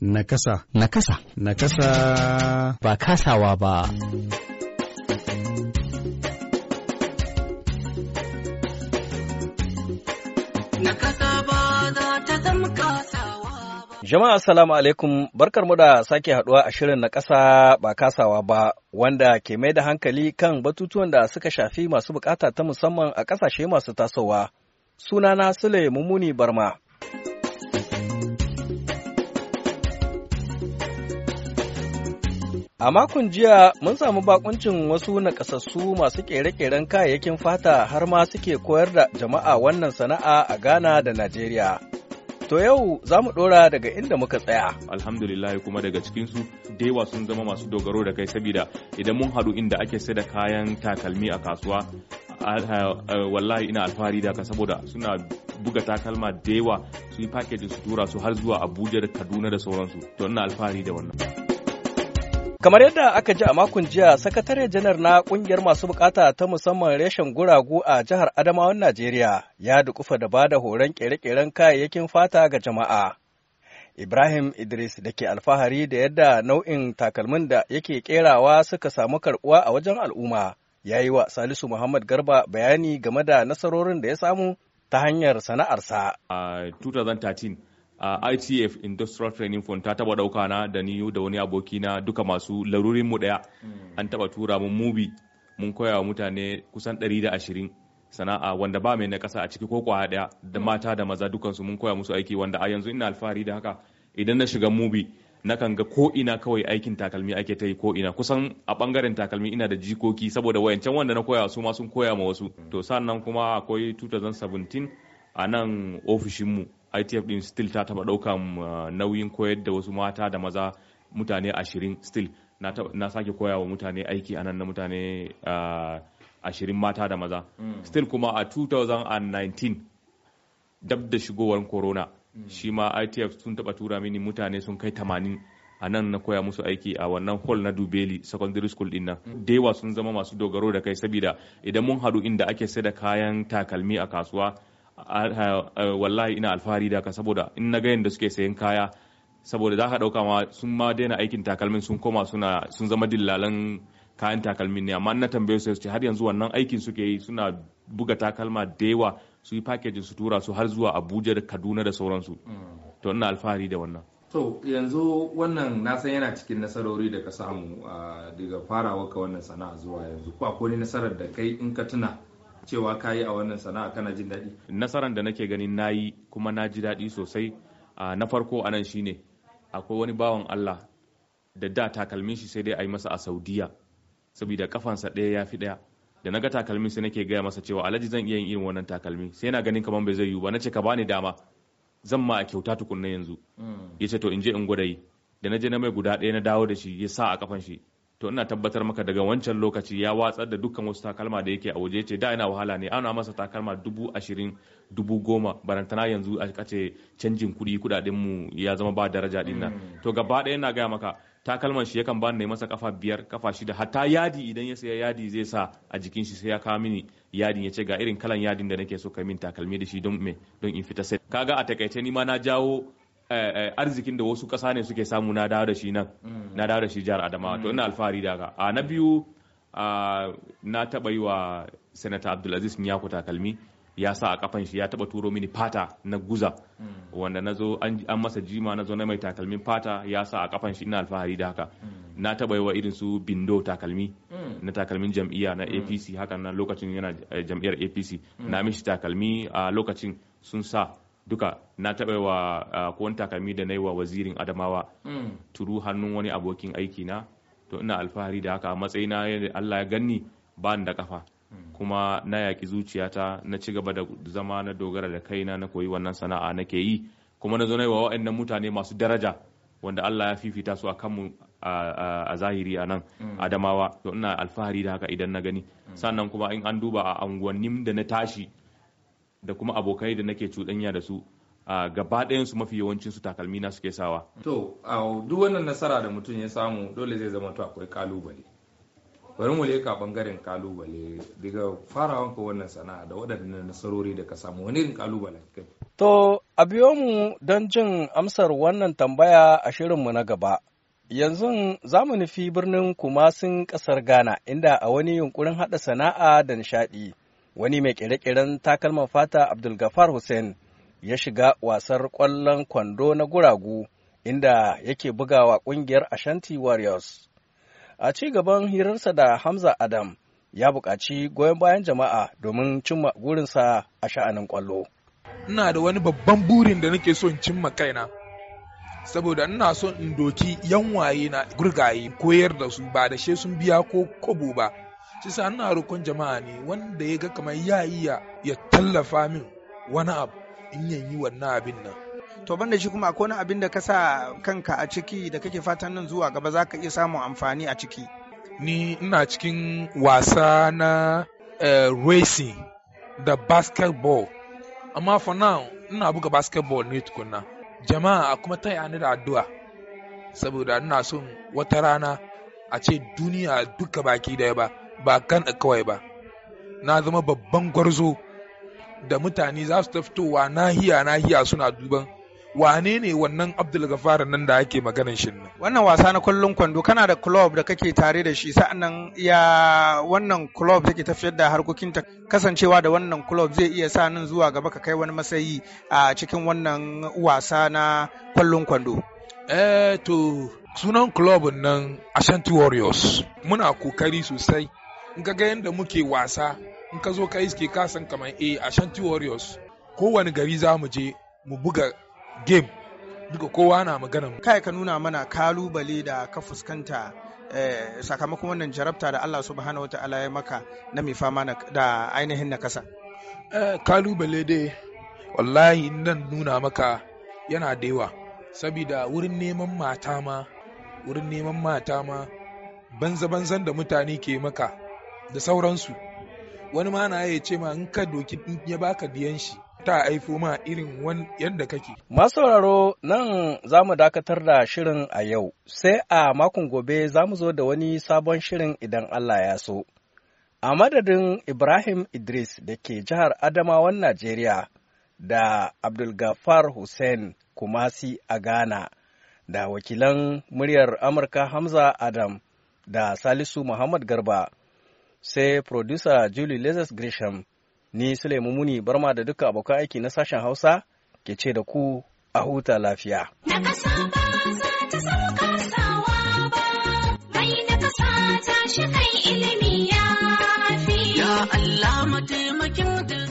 Nakasa. Nakasa. Nakasa. Ba kasawa ba. ba ba. ta zama kasawa Jama'a salamu alaikum barkarmu da sake haduwa a shirin na ƙasa ba kasawa ba wanda ke mai da hankali kan batutuwan da suka shafi masu bukata ta musamman a ƙasashe masu tasowa. Sunana Sule Mumuni Barma. A makon jiya mun samu bakuncin wasu nakasassu masu kere-keren kayayyakin fata har ma suke koyar da jama'a wannan sana'a a Ghana da Najeriya. To yau za mu ɗora daga inda muka tsaya. Alhamdulillah kuma daga cikinsu dewa sun zama masu dogaro da kai saboda idan mun haɗu inda ake sai da kayan takalmi a kasuwa wallahi ina alfahari da ka saboda suna buga takalma dewa su yi su tura su har zuwa Abuja da Kaduna da sauransu to ina alfahari da wannan. Kamar yadda aka ji a makon jiya, sakatare janar na kungiyar masu bukata ta musamman reshen guragu a jihar Adamawan Najeriya ya dukufa da ba da horon kere-keren kayayyakin fata ga jama'a. Ibrahim Idris da ke alfahari da yadda nau'in takalmin da yake kerawa suka samu karbuwa a wajen al'umma, ya yi wa Salisu Muhammad Garba bayani game da nasarorin da ya samu ta hanyar sana'arsa. A a uh, ITF Industrial Training Fund ta taba dauka na da niyu da wani aboki na duka masu larurin mu daya hmm. an taba tura mu mubi mun koya wa mutane kusan 120 sana'a wanda ba mai na kasa a ciki ko kwaya daya da hmm. mata da maza dukan su mun koya musu aiki wanda a yanzu ina alfahari da haka idan na shiga mubi nakan ga ko ina kawai aikin takalmi ake ta yi ko ina kusan a bangaren takalmi ina da jikoki saboda wayancan wanda na koya su ma sun koya ma wasu hmm. to sannan kuma akwai 2017 a nan ofishinmu ITF din still ta taba daukan uh, nauyin koyar da wasu mata da maza mutane ashirin still na sake koya wa mutane aiki anan na mutane uh, ashirin mata da maza mm. still kuma a 2019 dab da shigowar corona mm. shi ma ITF sun taba tura mini mutane sun kai tamanin a nan na koya musu aiki a wannan hall na dubeli secondary school din nan mm. da sun zama masu dogaro da kai saboda idan mun haɗu inda ake sai da kayan takalmi a kasuwa Eh, wallahi ina alfahari da ka saboda in na ga yadda suke sayan kaya saboda za ka ɗauka ma sun ma daina aikin takalmin sun koma suna sun zama dillalan kayan takalmin ne amma na tambaye su ce har yanzu wannan aikin suke yi suna buga takalma da yawa su yi packaging su tura su har zuwa Abuja da Kaduna da sauransu mm. to ina alfahari da wannan to yanzu wannan na san yana cikin nasarori da ka samu ah, daga farawa ka wannan sana'a zuwa yanzu ko akwai nasarar da kai in ka tuna cewa ka yi a wannan sana'a kana jin daɗi nasaran da nake ganin na yi kuma na ji daɗi sosai na farko a nan ne akwai wani bawan allah da da takalmin shi sai dai a yi masa a saudiya saboda kafansa ɗaya ya fi ɗaya da na ga takalmin sai nake gaya masa cewa alhaji zan iya yin irin wannan takalmi sai na ganin kamar bai zai yiwu ba na ce ka bani dama zan ma a kyauta tukunna yanzu mm. ya ce to in je in gwada yi da na je na mai guda ɗaya na dawo da shi ya sa a kafan shi to ina tabbatar maka daga wancan lokaci ya watsar da dukkan wasu takalma da yake a waje ce da ina wahala ne ana masa takalma dubu ashirin dubu goma barantana yanzu a kace canjin kuɗi kuɗaɗen mu ya zama ba daraja din nan mm. to gaba ɗaya ina gaya maka takalman shi yakan bani masa kafa biyar kafa shida hatta yadi idan ya saya yadi zai sa a jikin shi sai ya kawo mini yadin ya ce ga irin kalan yadin da nake so ka min takalmi da shi don me don in fita sai kaga a takaice ni ma na jawo Eh, eh, arzikin da wasu ƙasa ne suke samu na dawo da shi nan mm. na dawo da shi jihar adamawa to ina mm. alfahari da a na biyu na taɓa yi wa senator abdulaziz nyako takalmi ya sa a kafan shi ya taɓa turo mini fata na guza mm. wanda na zo an masa jima na zo na mai takalmin fata ya sa a kafan shi ina alfahari da haka na taɓa yi wa irin su bindo takalmi na takalmin jam'iyya na apc hakan na lokacin yana eh, jam'iyyar apc na mishi takalmi a lokacin sun sa duka na taɓa wa ko takami da na yi wa wazirin adamawa mm. turu hannun wani abokin aiki na to ina alfahari da haka a matsayina Allah ya ganni ba da kafa mm. kuma na yaƙi zuciyata na ci gaba da zama na dogara da kaina na koyi wannan sana'a nake yi kuma na zo na yi wa waɗannan mutane masu daraja wanda Allah ya fifita su a kanmu a zahiri a nan mm. adamawa to ina alfahari da haka idan na gani sannan kuma in an duba a unguwannin da na tashi da kuma abokai da nake cuɗanya da su a gaba su mafi yawancin su takalmi na suke sawa to duk wannan nasara da mutum ya samu dole zai zama to akwai kalubale bari mu leka bangaren kalubale daga farawan ka wannan sana'a da waɗannan nasarori da ka samu wani irin kalubale to a biyo mu don jin amsar wannan tambaya a shirin mu na gaba yanzu za mu nufi birnin kumasin ƙasar ghana inda a wani yunkurin haɗa sana'a da nishaɗi wani mai ƙere-ƙeren takalman fata Abdulgafar Hussein ya shiga wasar ƙwallon kwando na guragu inda yake bugawa ƙungiyar Ashanti Warriors. A ci gaban hirarsa da Hamza Adam ya buƙaci goyon bayan jama'a domin cimma gurinsa a sha'anin ƙwallo. Ina da wani babban burin da nake so in cimma kaina. saboda ina so in doki yan waye na gurgaye koyar da su ba da she sun biya ko kobo ba shi sa ina rukun jama'a ne wanda ya ga kamar ya iya ya tallafa min wani abu in yan yi wannan abin nan to banda shi kuma akwai wani abin da ka sa kanka a ciki da kake fatan nan zuwa gaba za ka iya samun amfani a ciki ni ina cikin wasa na eh, racing da basketball amma for now ina buga basketball ne tukunna jama'a kuma ta yi da addu'a saboda ina son wata rana a ce duniya duka baki daya ba ba kan kawai ba na zama babban gwarzo da mutane za su ta fitowa nahiya nahiya suna duban wane ne wannan abdul gafara nan da ake maganan shi nan wannan wasa na kullun kwando kana da club da kake tare da shi sa'annan ya wannan club take tafiyar da harkokin harkokinta kasancewa da wannan club zai iya sa nan zuwa gaba ka kai wani matsayi a cikin wannan wasa na kullun kwando eh to sunan club nan Ashanti Warriors muna kokari sosai in ka ga yadda muke wasa in ka zo ka iske ka san kamar a eh, Ashanti Warriors kowane gari za mu je mu buga game duka kowa na magana mu kai ka nuna mana kalubale da ka fuskanta eh, sakamakon wannan jarabta da Allah subhanahu ta'ala ya maka na mai fama da ainihin nakasa kasa eh, kalubale dai wallahi nan nuna maka yana da yawa sabida wurin neman mata ma wurin neman mata ma banza-banzan da mutane ke maka da sauransu wani ma na ya ce ma in ka doki ya baka biyan shi ta aifo ma irin wani yadda kake. Masu sauraro nan za mu dakatar da shirin a yau, sai a makon gobe za mu zo da wani sabon shirin idan Allah ya so. A madadin Ibrahim Idris da ke jihar Adamawan Najeriya da Abdulgafar Hussein Kumasi a Ghana da wakilan muryar Amurka Hamza Adam da Salisu Muhammad Garba. sai producer Julie Lazarus Grisham, ni Suleiman Muni barma da duka abokan aiki na sashen Hausa ke ce da ku a huta lafiya. ba mai ta ilimi ya Allah mataimakin